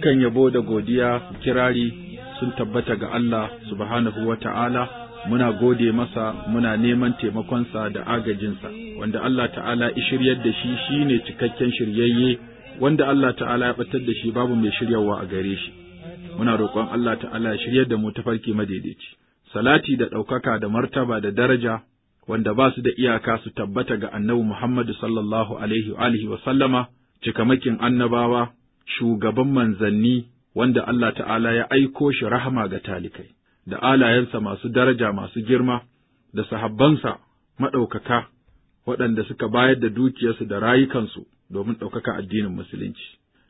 dukkan yabo da godiya kirari sun tabbata ga Allah subhanahu wa ta'ala muna gode masa muna neman taimakonsa da agajinsa wanda Allah ta'ala shiryar da shi shi ne cikakken shiryayye wanda Allah ta'ala ya batar da shi babu mai shiryawa a gare shi muna roƙon Allah ta'ala ya shiryar da mu tafarki madaidaici salati da ɗaukaka da martaba da daraja wanda ba su da iyaka su tabbata ga annabi Muhammadu sallallahu alaihi wa sallama cikamakin annabawa shugaban manzanni wanda Allah ta'ala ya aiko shi rahama ga talikai, da alayensa masu daraja masu girma, da sahabbansa maɗaukaka waɗanda suka bayar da dukiyarsu da rayukansu domin ɗaukaka addinin musulunci,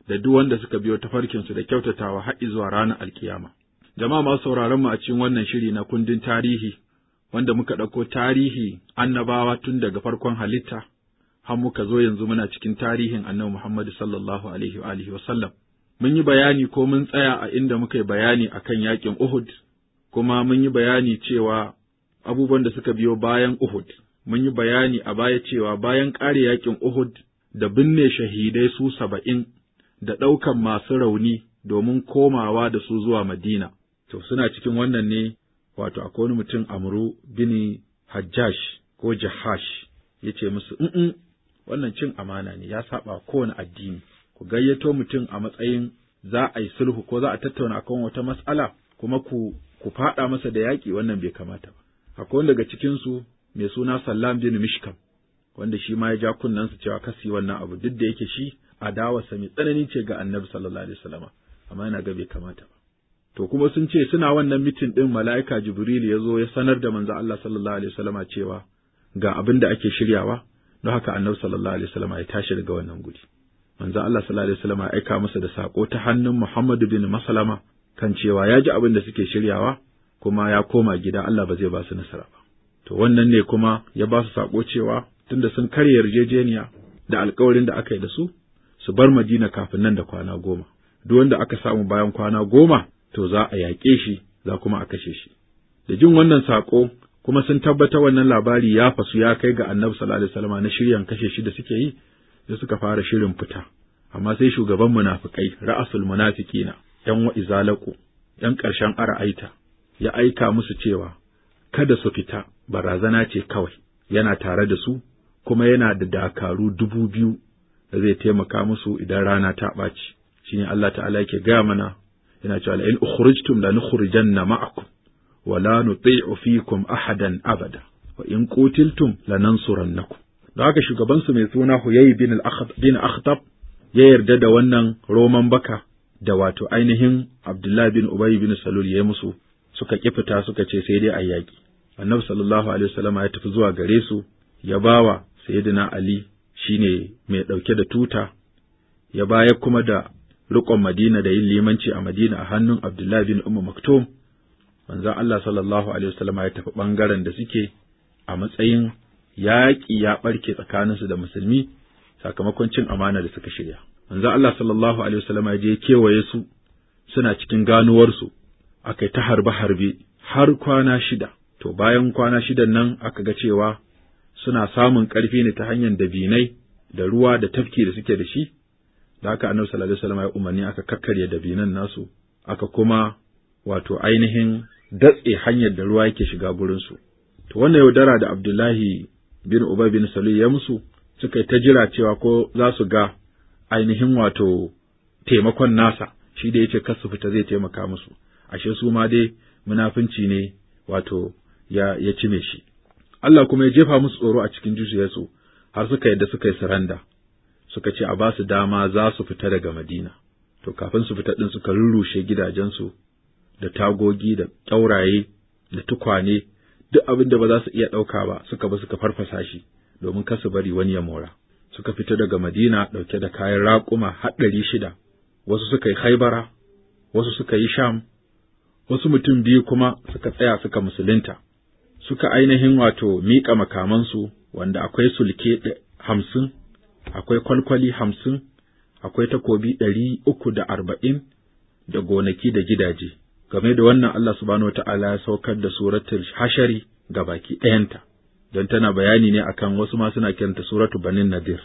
da duk wanda suka biyo tafarkinsu da kyautatawa har zuwa ranar alkiyama. Jama'a masu sauraron mu a cikin wannan shiri na kundin tarihi, wanda muka ɗauko tarihi annabawa tun daga farkon halitta har muka zo yanzu muna cikin tarihin Annabi Muhammad sallallahu alaihi wa alihi wasallam. Mun yi bayani ko mun tsaya a inda muka yi bayani kan yaƙin Uhud, kuma mun yi bayani cewa abubuwan da suka biyo bayan Uhud, mun yi bayani a baya cewa bayan ƙare yakin Uhud da binne shahidai su saba'in da ɗaukan masu rauni domin komawa da su zuwa Madina. To, suna cikin wannan ne, wato, akwai wani mutum Amru bini Hajjash ko Jahash, ya ce musu, wannan cin amana ne ya saba kowane addini ku gayyato mutum a matsayin za a yi sulhu ko za a tattauna akan wata matsala kuma ku ku faɗa masa da yaƙi wannan bai kamata ba akwai daga cikin su mai suna Sallam bin Mishkam wanda shi ma ya ja su cewa kasi wannan abu duk da yake shi adawa mai tsanani ce ga Annabi sallallahu alaihi wasallama amma yana ga bai kamata ba to kuma sun ce suna wannan mitin ɗin mala'ika Jibril ya zo ya sanar da manzo Allah sallallahu Alaihi wasallama cewa ga abin da ake shiryawa, don haka annabi sallallahu alaihi wasallam ya tashi daga wannan guri manzo Allah sallallahu alaihi wasallam ya aika masa da sako ta hannun Muhammadu bin Maslama kan cewa ya ji abin da suke shiryawa kuma ya koma gida Allah ba zai ba su nasara ba to wannan ne kuma ya ba su sako cewa tunda sun karya yarjejeniya da alkawarin da aka yi da su su bar Madina kafin nan da kwana goma duk wanda aka samu bayan kwana goma to za a yaƙe shi za kuma a kashe shi da jin wannan sako kuma sun tabbata wannan labari ya fasu ya kai ga annabi sallallahu alaihi na shiryan kashe shi da suke yi da suka fara shirin fita amma sai shugaban munafikai ra'asul munafiqina yan wa'izalaku yan ƙarshen ara'aita ya aika musu cewa kada su fita barazana ce kawai yana tare da su kuma yana da dakaru dubu biyu da zai taimaka musu idan rana ta ɓaci shine Allah ta'ala yake gaya mana yana cewa la in ukhrijtum la nukhrijanna ma'akum wala nuti'u fikum ahadan abada wa in qutiltum lanansurannakum da haka shugabansu mai suna Huyay bin bin Akhtab ya yarda da wannan roman baka da wato ainihin Abdullahi bin Ubay bin Salul ya yi musu suka kifita suka ce sai dai a yaki. annabi sallallahu alaihi wasallam ya tafi zuwa gare su ya bawa sayyidina Ali shine mai ɗauke da tuta ya bayar kuma da riƙon Madina da yin limanci a Madina a hannun Abdullahi bin Ummu Maktum manzon Allah sallallahu alaihi wasallam ya tafi ɓangaren da suke a matsayin yaƙi ya ɓarke tsakaninsu da musulmi sakamakon cin amana da suka shirya. Manzon Allah sallallahu alaihi wasallam ya je kewaye su suna cikin ganuwarsu aka ta harbe harbe har kwana shida. To bayan kwana shidan nan aka ga cewa suna samun ƙarfi ne ta hanyar dabinai da ruwa da tafki da suke da shi. Da haka annabi sallallahu alaihi wasallam ya umarni aka kakkarya dabinan nasu aka kuma wato ainihin datse hanyar da ruwa yake shiga gurinsu. To wannan yaudara da Abdullahi bin Ubay bin Salul ya musu suka yi ta jira cewa ko za su ga ainihin wato taimakon nasa shi da yace kar fita zai taimaka musu ashe su ma dai munafunci ne wato ya ya cime shi Allah kuma ya jefa musu tsoro a cikin zuciyarsu har suka yadda suka yi saranda suka ce a ba su dama za su fita daga Madina to kafin su fita din suka rurrushe gidajensu da tagogi da ƙyauraye da tukwane duk abin da ba za su iya ɗauka ba suka bi suka farfasa shi domin kasu bari wani ya mora suka fita daga madina ɗauke da kayan raƙuma haɗari shida wasu suka yi haibara wasu suka yi sham wasu mutum biyu kuma suka tsaya suka musulunta suka ainihin wato miƙa makamansu wanda akwai sulke hamsin akwai kwalkwali hamsin akwai takobi ɗari uku da arba'in da gonaki da gidaje game da wannan Allah subhanahu ta’ala ya saukar da suratul hashari ga baki ɗayanta don tana bayani ne akan wasu ma suna kiranta suratu banin nadir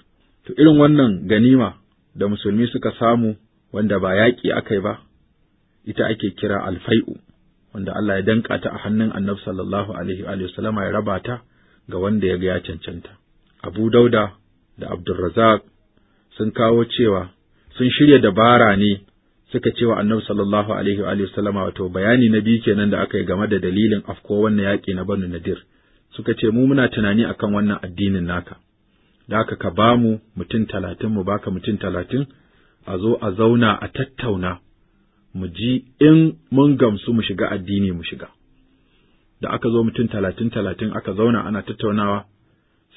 to irin wannan ganima da musulmi suka samu wanda ba yaƙi aka yi ba ita ake kira alfai'u wanda Allah ya danka ta a hannun Annabi sallallahu alaihi wa sallama ya raba ta ga wanda ya ga ya cancanta Abu Dauda da Abdurrazzaq sun kawo cewa sun shirya dabara ne suka cewa annabi sallallahu alaihi wa alihi sallama wato bayani na biyu kenan da aka yi game da dalilin afko wannan yaƙi na Banu Nadir suka ce mu muna tunani akan wannan addinin naka da aka ka ba mu mutum talatin mu baka mutum talatin a zo a zauna a tattauna mu ji in mun gamsu mu shiga addini mu shiga da aka zo mutum talatin talatin aka zauna ana tattaunawa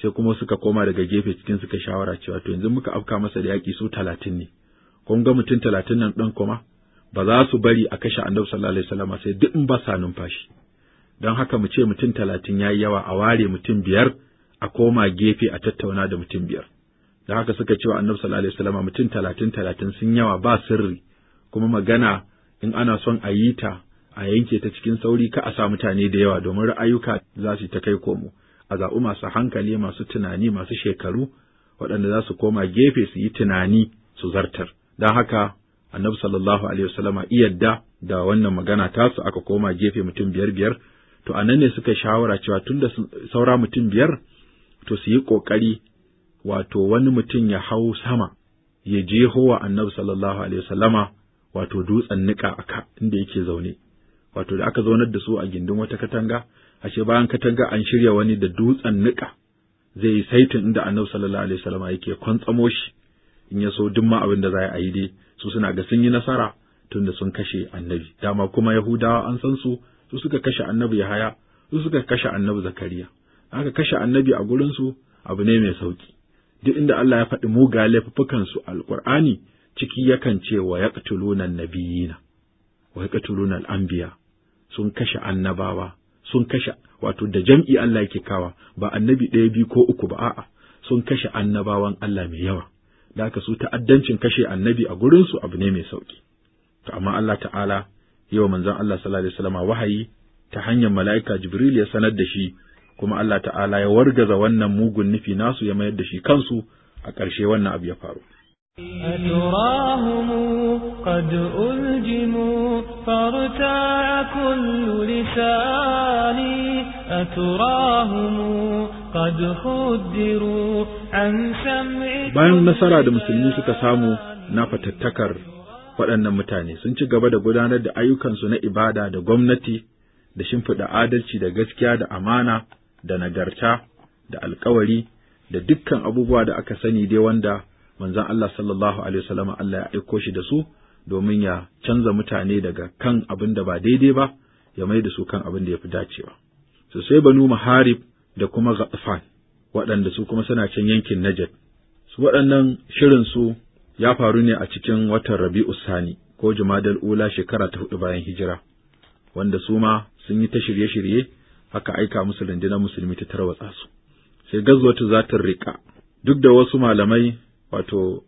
sai kuma suka koma daga gefe cikin suka shawara cewa to yanzu muka afka masa da yaƙi su talatin ne kun ga mutum talatin nan ɗan kuma ba za su bari a kashe annabi sallallahu alaihi wasallam sai duk in ba sa numfashi don haka mu ce mutum talatin ya yi yawa a ware mutum biyar a koma gefe a tattauna da mutum biyar Don haka suka cewa annabi sallallahu alaihi wasallam mutum talatin talatin sun yawa ba sirri kuma magana in ana son a yi ta a yanke ta cikin sauri ka a sa mutane da yawa domin ra'ayuka za su ta kai komo a zaɓi masu hankali masu tunani masu shekaru waɗanda za su koma gefe su yi tunani su zartar don haka annabi sallallahu alaihi wasallama iyadda da wannan magana tasu aka koma gefe mutum biyar biyar to a nan ne suka shawara cewa tun da saura mutum biyar to su yi kokari wato wani mutum ya hau sama ya jeho wa annabi sallallahu alaihi wasallama wato dutsen niƙa aka inda yake zaune wato da aka zaunar da su a gindin wata katanga ashe bayan katanga an shirya wani da dutsen niƙa zai yi saitin inda annabi sallallahu alaihi wasallama yake kwantsamo shi in ya so duk ma abin da za a yi dai su suna ga sun yi nasara tunda sun kashe annabi dama kuma yahudawa an san su su suka kashe annabi yahaya su suka kashe annabi zakariya aka kashe annabi a gurin su abu ne mai sauki duk inda Allah ya faɗi muga laifukan su alqur'ani ciki yakan ce wa yaqtuluna nabiyina wa yaqtuluna al-anbiya sun kashe annabawa sun kashe wato da jam'i Allah yake kawa ba annabi ɗaya biyu ko uku ba a'a sun kashe annabawan Allah mai yawa da aka su ta'addancin kashe annabi a gurinsu abu ne mai sauƙi, To amma Allah ta'ala yawa manzon Allah sallallahu alaihi wasallama wahayi ta hanyar mala'ika Jibril ya sanar da shi kuma Allah ta'ala ya wargaza wannan mugun nufi nasu ya mayar da shi kansu a ƙarshe wannan abu ya faru. أتراهم قد ألجموا فارتاع كل لساني أتراهم قد خدروا bayan nasara da musulmi suka samu na fatattakar waɗannan mutane sun ci gaba da gudanar da ayyukansu na ibada da gwamnati da shimfiɗa adalci da gaskiya da amana da nagarta da alkawari da dukkan abubuwa da aka sani dai wanda manzon Allah sallallahu alaihi wasallam Allah ya aiko shi da su domin ya canza mutane daga kan abin da ba daidai ba ya mai da su kan abin da ya fi dacewa. Sosai sai banu maharib da kuma ghatfan waɗanda su kuma suna can yankin Najat. Su waɗannan shirin su ya faru ne a cikin watan Rabi'u Sani ko Jumadal Ula shekara ta hudu bayan hijira, wanda su ma sun yi ta shirye-shirye haka aika musu rundunar musulmi ta tarwatsa su. Sai gazwatu za ta riƙa, duk da wasu malamai wato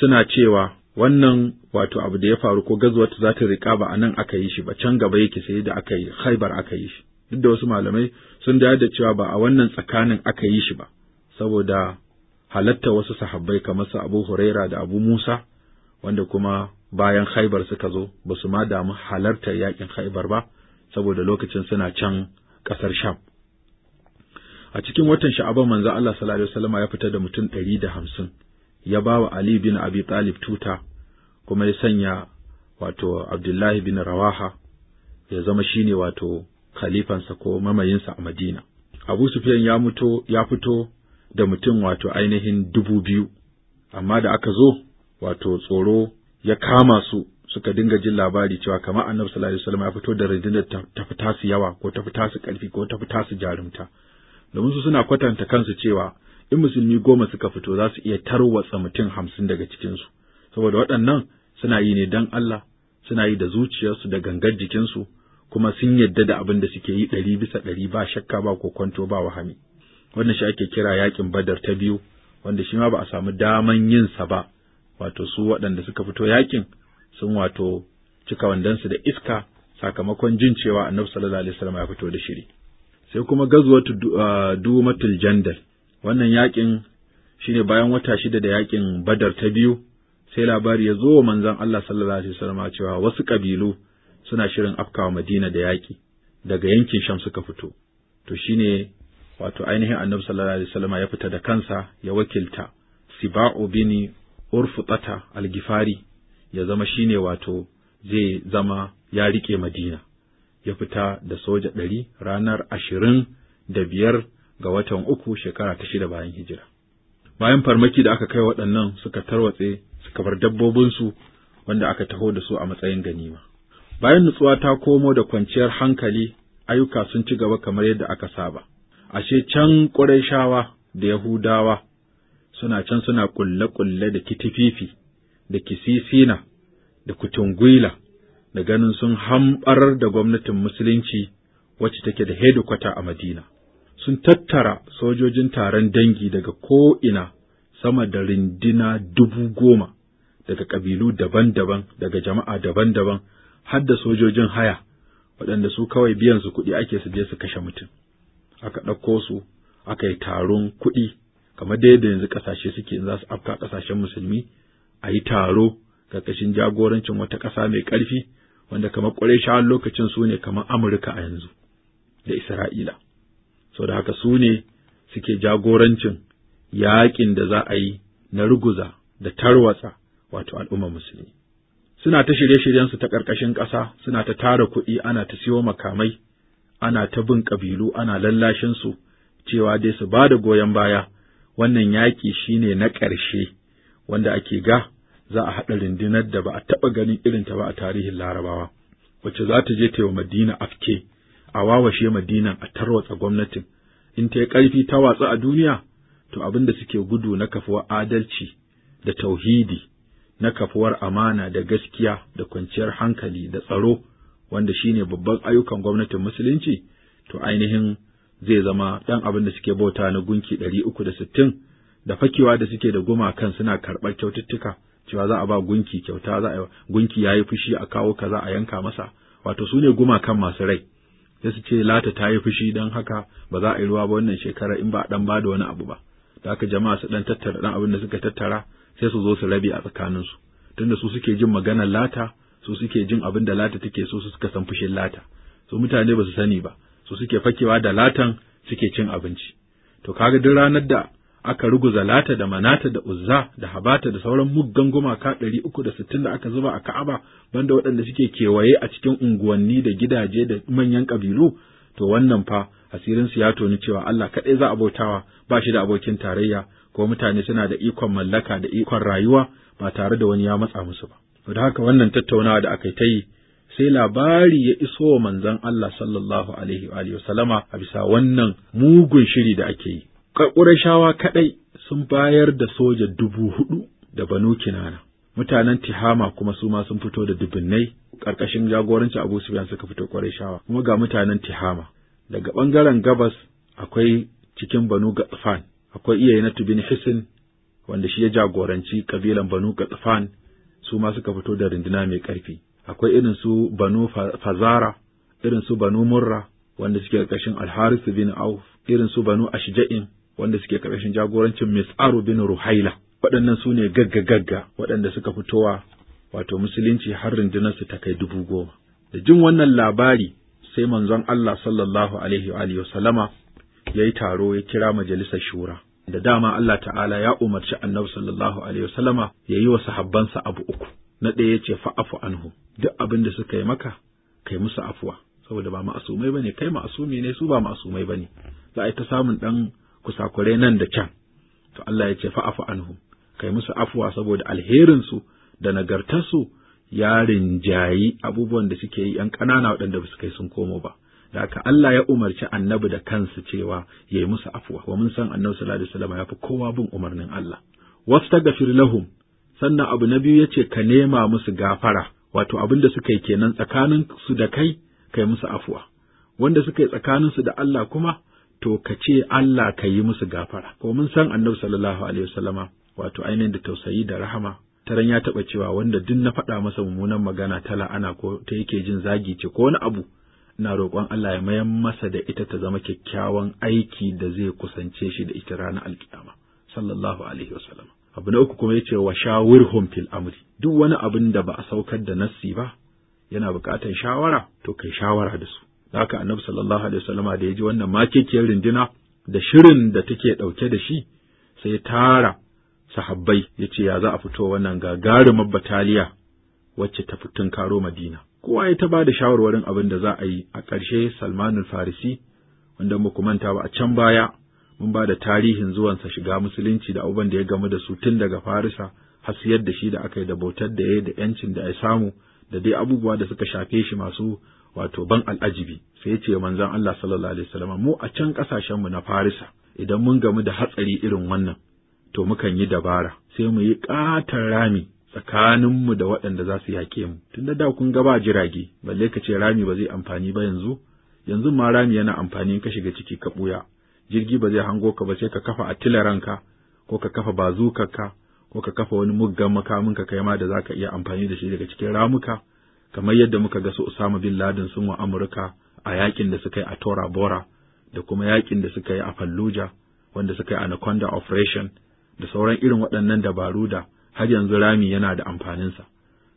suna cewa wannan wato abu da ya faru ko gazwatu za ta riƙa ba a nan aka yi shi ba can gaba yake sai da aka yi haibar aka yi shi. duk da wasu malamai sun da da cewa ba a wannan tsakanin aka yi shi ba saboda halatta wasu sahabbai kamar su Abu Huraira da Abu Musa wanda kuma bayan Khaibar suka zo ba su ma damu halartar yakin Khaibar ba saboda lokacin suna can ƙasar Sham a cikin watan sha'aban manzo Allah sallallahu alaihi ya fitar da mutum ɗari da hamsin ya ba wa Ali bin Abi Talib tuta kuma ya sanya wato Abdullahi bin Rawaha ya zama shine wato khalifansa ko mamayinsa a Madina. Abu Sufyan ya muto ya fito da mutum wato ainihin dubu biyu, amma da aka zo wato tsoro ya kama su suka dinga jin labari cewa kamar annabi sallallahu alaihi ya fito da rundunar ta fita su yawa ko ta fita su ƙarfi ko ta fita su jarumta. Domin su suna kwatanta kansu cewa in musulmi goma suka fito za su iya tarwatsa mutum hamsin daga cikinsu, saboda waɗannan suna yi ne don Allah, suna yi da zuciyarsu da gangar jikinsu, kuma sun yadda da abin da suke yi ɗari bisa ɗari ba shakka ba ko kwanto ba wahami wannan shi ake kira yakin badar ta biyu wanda shi ma ba a samu daman yinsa ba wato su waɗanda suka fito yaƙin sun wato cika wandansu da iska sakamakon jin cewa annabi sallallahu alaihi wasallam ya fito da shiri sai kuma gazwatu ah, dumatul jandal wannan yakin shine bayan wata shida da yakin badar ta biyu sai labari ya zo wa manzon Allah sallallahu alaihi wasallam cewa wasu kabilu suna shirin afkawa Madina da yaƙi daga yankin Sham suka fito to shine wato ainihin Annabi sallallahu alaihi wasallam ya fita da kansa ya wakilta Siba'u bin Urfutata al-Gifari ya zama shine wato zai zama ya rike Madina ya fita da soja ɗari ranar ashirin da biyar ga watan uku shekara ta shida bayan hijira. Bayan farmaki da aka kai waɗannan suka tarwatse suka bar dabbobinsu wanda aka taho da su a matsayin ganima. Bayan nutsuwa ta komo da kwanciyar hankali, ayyuka sun ci gaba kamar yadda aka saba. Ashe can Qurayshawa da Yahudawa suna can suna ƙulle-ƙulle da kitififi, da kisisina, da kutungwila, da ganin sun hamɓarar da gwamnatin Musulunci wacce take da hedikwata a Madina. Sun tattara sojojin taron dangi daga ko'ina sama da rindina dubu goma daga ƙabilu daban-daban, daga jama'a daban-daban, har da sojojin haya waɗanda su kawai biyan su kuɗi ake su je su kashe mutum aka ɗauko su aka yi taron kuɗi kamar da yadda yanzu ƙasashe suke in za su afka ƙasashen musulmi a yi taro ƙarƙashin jagorancin wata ƙasa mai ƙarfi wanda kamar ƙwarai lokacin su ne kamar Amurka a yanzu da Isra'ila. sau da haka su ne suke jagorancin yaƙin da za a yi na ruguza da tarwatsa wato al'ummar musulmi. suna ta shirye-shiryensu ta ƙarƙashin ƙasa suna ta tara kuɗi ana ta siyo makamai ana ta bin ƙabilu ana lallashinsu cewa dai su ba da goyon baya wannan yaƙi shine na ƙarshe wanda ake ga za a haɗa rundunar da ba a taɓa ganin irinta ba a tarihin larabawa wacce za ta je ta yi madina afke a wawashe madinan a tarwatsa gwamnatin in ta yi ƙarfi ta watsa a duniya to abin da suke gudu na kafuwar adalci da tauhidi na kafuwar amana da gaskiya da kwanciyar hankali da tsaro wanda shine babban ayyukan gwamnatin musulunci to ainihin zai zama ɗan abin da suke bauta na gunki ɗari uku da sittin da fakewa da suke da gumakan suna karɓar kyaututtuka cewa za a ba gunki kyauta za a gunki yayi fushi a kawo kaza a yanka masa wato su ne gumakan masu rai sai su ce lata ta yi fushi don haka ba za a yi ruwa ba wannan shekara in ba a ɗan ba da wani abu ba da haka jama'a su ɗan tattara ɗan abin da suka tattara sai su zo su rabe a tsakaninsu tunda su suke jin magana lata su suke jin abin da lata take so su suka san fushin lata su mutane ba su sani ba su suke fakewa da latan suke cin abinci to kaga duk ranar da aka ruguza lata da manata da uzza da habata da sauran muggan gumaka ɗari uku da sittin da aka zuba a ka'aba banda waɗanda suke kewaye a cikin unguwanni da gidaje da manyan ƙabilu to wannan fa asirin su ya toni cewa Allah kaɗai za a bautawa ba shi da abokin tarayya ko mutane suna da ikon mallaka da ikon rayuwa ba tare da wani ya matsa musu ba. Da haka wannan tattaunawa da aka yi ta yi sai labari ya iso wa manzon Allah sallallahu alaihi wa sallama a bisa wannan mugun shiri da ake yi. Ƙarƙurashawa kaɗai sun bayar da soja dubu hudu da banu kinana. Mutanen Tihama kuma su ma sun fito da dubunnai ƙarƙashin jagoranci Abu Sufyan suka fito Ƙurashawa kuma ga mutanen Tihama. Daga ɓangaren gabas akwai cikin banu Gatsfan akwai Iyayenatu bin Hisin wanda shi ya jagoranci kabilan Banu Gatsfan su ma suka fito da runduna mai ƙarfi akwai irin su Banu Fazara irin su Banu Murra wanda suke ƙarƙashin al bin Auf irin su Banu Ashja'in wanda suke ƙarƙashin jagorancin Mis'aru bin Ruhaila waɗannan su ne gagga-gagga waɗanda suka fitowa wato musulunci har su ta kai dubu goma. Da jin wannan labari sai manzon Allah sallallahu alaihi wa sallama ya yi taro ya kira majalisar shura da dama Allah ta'ala ya umarci annabi sallallahu alaihi wasallama ya yi wa sahabbansa abu uku na ɗaya ya ce fa'afu anhu duk abin da suka yi maka kai musu afuwa saboda ba ma'asumai bane kai ma'asumi ne su ba ma'asumai bane za a yi ta samun dan kusakurai nan da can to Allah ya ce fa'afu anhu kai musu afuwa saboda alherin su da nagartarsu ya rinjayi abubuwan da suke yi ‘yan ƙanana waɗanda ba su kai sun komo ba, da haka Allah ya umarci annabi da kansu cewa yayi musu afwa wa mun san annabi sallallahu alaihi wasallam ya fi kowa bin umarnin Allah wastagfir lahum sannan abu na biyu ya ce ka nema musu gafara wato abin da suka yi kenan tsakanin su da kai kai musu afuwa, wanda suka yi tsakanin su da Allah kuma to ka ce Allah ka yi musu gafara Kuma mun san annabi sallallahu alaihi wasallama wato ainihin da tausayi da rahama taran ya taɓa cewa wanda duk na faɗa masa mummunan magana ta la'ana ko ta yake jin zagi ce ko wani abu ina roƙon Allah ya mayan masa da ita ta zama kyakkyawan aiki da zai kusance shi da ita ranar alkiyama sallallahu alaihi wasallam abu na uku kuma yace wa shawirhum fil amri duk wani abin da ba a saukar da nassi ba yana buƙatar shawara to kai shawara da su haka annabi sallallahu alaihi wasallama da ya ji wannan makekiyar rindina da shirin da take ɗauke da shi sai ya tara sahabbai yace ce ya za a fito wannan gagarumar bataliya wacce ta fitun karo Madina kowa ya ta ba da shawarwarin abin da za a yi a ƙarshe salmanul farisi wanda muku manta ba a can baya mun ba da tarihin zuwansa shiga musulunci da abubuwan da ya gamu da su tun daga farisa hasiyar da shi da aka yi da bautar da ya yi da ‘yancin da ya samu da dai abubuwa da suka shafe shi masu wato ban al'ajibi sai ya ce manzon Allah sallallahu alaihi wasallam mu a can ƙasashenmu na Farisa idan mun gamu da hatsari irin wannan to mukan yi dabara sai mu yi ƙatar rami tsakaninmu da waɗanda za su yaƙe mu tun da kun ga ba jirage balle ka ce rami ba zai amfani ba yanzu yanzu ma rami yana amfani in ka shiga ciki ka ɓuya jirgi ba zai hango ka ba sai ka kafa a ranka ko ka kafa bazukarka ko ka kafa wani muggan makamin ka kai ma da zaka iya amfani da shi daga cikin ramuka kamar yadda muka ga su Usama bin Laden sun wa Amurka a yaƙin da suka yi a Tora Bora da kuma yaƙin da suka yi a Fallujah wanda suka yi a Anaconda Operation da sauran irin waɗannan dabaru da har yanzu rami yana da amfaninsa.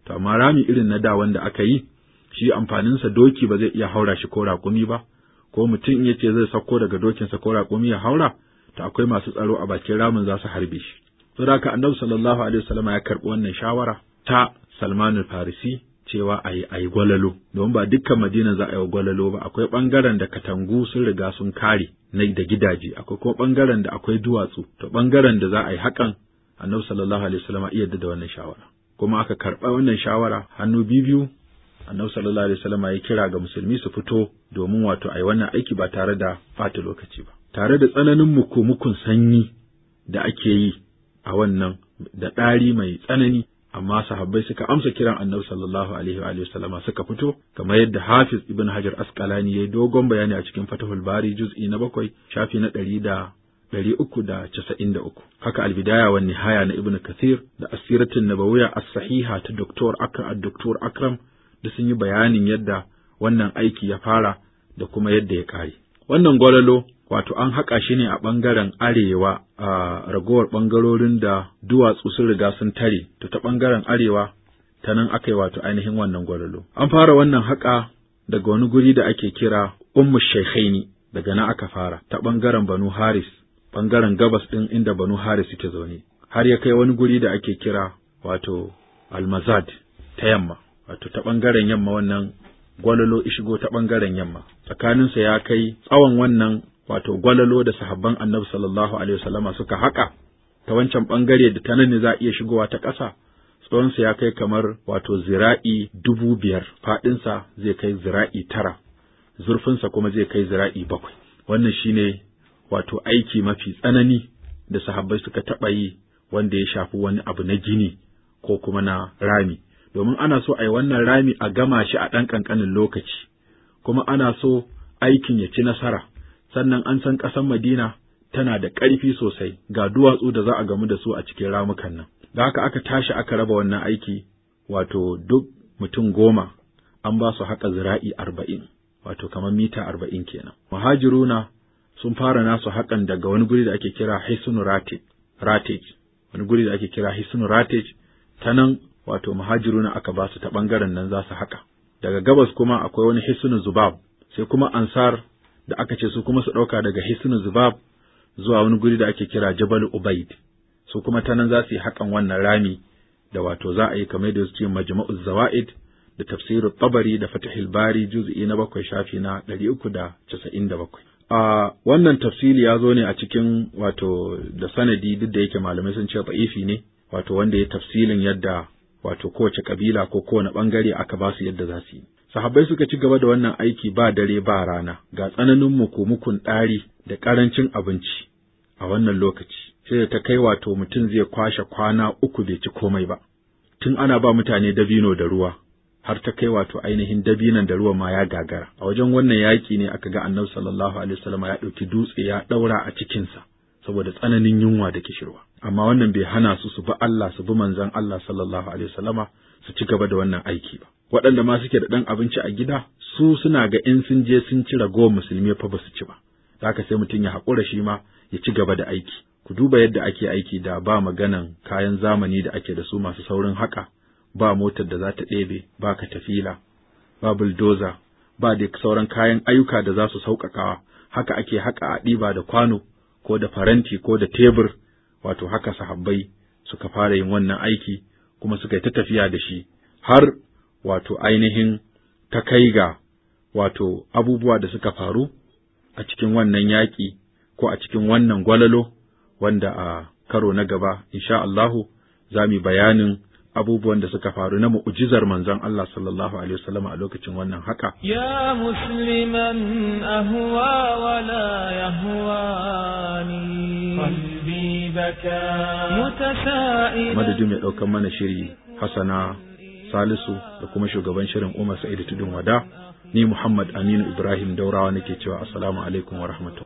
To amma rami irin na da wanda aka yi, shi amfaninsa doki ba zai iya haura shi ko raƙumi ba, ko mutum ya ce zai sauko daga dokinsa ko raƙumi ya haura, to akwai masu tsaro a bakin ramin za su harbe shi. Saboda haka Annabi sallallahu alaihi wasallam ya karɓi wannan shawara ta Salman farisi cewa a yi gwalalo, domin ba dukkan Madina za a yi gwalalo ba, akwai ɓangaren da katangu sun riga sun kare na da gidaje, akwai kuma ɓangaren da akwai duwatsu, to ɓangaren da za a yi hakan annabi sallallahu alaihi wasallam iya da wannan shawara kuma aka karɓa wannan shawara hannu biyu annabi sallallahu alaihi wasallam ya kira ga musulmi su fito domin wato ai wannan aiki ba tare da fata lokaci ba tare da tsananin muku-mukun sanyi da ake yi a wannan da ɗari mai tsanani amma sahabbai suka amsa kiran annabi sallallahu alaihi wa sallama suka fito kamar yadda Hafiz ibn Hajar Asqalani yi dogon bayani a cikin Fathul Bari juz'i na bakwai shafi na ɗari da ɗari uku da casa'in da uku. Haka albidaya wa nihaya na Ibn Kathir da asiratun nabawiya a sahiha ta Dr. Akram Doktor Akram da sun yi bayanin yadda wannan aiki ya fara da kuma yadda ya ƙare. Wannan gwalalo wato an haƙa shi ne a ɓangaren arewa a ragowar ɓangarorin da duwatsu sun riga sun tare, to ta ɓangaren arewa ta nan aka yi wato ainihin wannan gwalalo. An fara wannan haƙa daga wani guri da ake kira Ummu Shaikhaini daga nan aka fara ta ɓangaren Banu Haris ɓangaren gabas ɗin inda Banu Haris suke zaune, har ya kai wani guri da ake kira wato Almazad ta yamma, wato ta ɓangaren yamma wannan gwalalo ishigo ta ɓangaren yamma, tsakaninsa ya kai tsawon wannan wato gwalalo da sahabban annabi sallallahu alaihi wasallama suka haƙa ta wancan ɓangare da ta nan ne za a iya shigowa ta ƙasa tsawonsa ya kai kamar wato zira'i dubu biyar faɗinsa zai kai zira'i tara zurfinsa kuma zai kai zira'i bakwai wannan shine wato aiki mafi tsanani da sahabbai suka taɓa yi wanda ya shafi wani abu na jini ko kuma na rami domin ana so a yi wannan rami a gama shi a ɗan ƙanƙanin lokaci kuma ana so aikin ya ci nasara sannan an san ƙasar Madina tana da ƙarfi sosai ga duwatsu da za a gamu da su a cikin ramukan nan da haka aka tashi aka raba wannan aiki wato duk mutum goma an ba su haƙa zira'i arba'in wato kamar mita arba'in kenan muhajiruna sun fara nasu haƙan daga wani guri da ake kira Hisnu Ratej, wani guri da ake kira Hisnu Ratej, ta nan wato muhajiruna aka ba su ta ɓangaren nan za su haƙa. Daga gabas kuma akwai wani Hisnu Zubab, sai kuma Ansar da aka ce su kuma su ɗauka daga Hisnu Zubab zuwa wani guri da ake kira Jabal Ubaid, su kuma ta nan za su yi haƙan wannan rami da wato za a yi kamar da su ce Zawa'id da tafsirin Tabari da Fatihul Bari juz'i na bakwai shafi na ɗari uku da casa'in da bakwai. a wannan tafsili ya zo ne a cikin wato da sanadi duk da yake malamai sun ce ba'ifi ne wato wanda ya tafsilin yadda wato kowace kabila ko kowane bangare aka ba su yadda za su yi sahabbai suka ci gaba da wannan aiki ba dare ba rana ga tsananin mukumukun ɗari da ƙarancin abinci a wannan lokaci sai da ta kai wato mutum zai kwashe kwana uku bai ci komai ba tun ana ba mutane dabino da ruwa har ta kai wato ainihin dabinan da ruwa ma ya gagara a wajen wannan yaƙi ne aka ga annabi sallallahu alaihi wasallam ya ɗauki dutse ya ɗaura a cikinsa saboda tsananin yunwa da kishirwa amma wannan bai hana su su bi Allah su bi manzon Allah sallallahu alaihi wasallama su ci gaba da wannan aiki ba waɗanda ma suke da ɗan abinci a gida su suna ga in sun je sun ci ragowar musulmi fa ba su ci ba haka sai mutum ya haƙura shi ma ya ci gaba da aiki ku duba yadda ake aiki da ba maganan kayan zamani da ake da su masu saurin haka ba motar da za ta ɗebe ba katafila ba buldoza ba da sauran kayan ayyuka da za su sauƙaƙawa haka ake haƙa a ɗiba da kwano ko da faranti ko da tebur wato haka sahabbai suka fara yin wannan aiki kuma suka yi ta tafiya da shi har wato ainihin ta kai ga wato abubuwa da suka faru a cikin wannan yaƙi ko a cikin wannan gwalalo wanda a karo na gaba insha Allahu za mu bayanin abubuwan da suka faru na mu'ujizar manzon Allah sallallahu alaihi wasallam a lokacin wannan haka ya musliman ahwa wa la yahwani qalbi baka mutasa'ila madadin mai daukan mana shiri hasana salisu da kuma shugaban shirin Umar Sa'idu Tudun Wada ni Muhammad Aminu Ibrahim Daurawa nake cewa assalamu alaikum wa rahmatullahi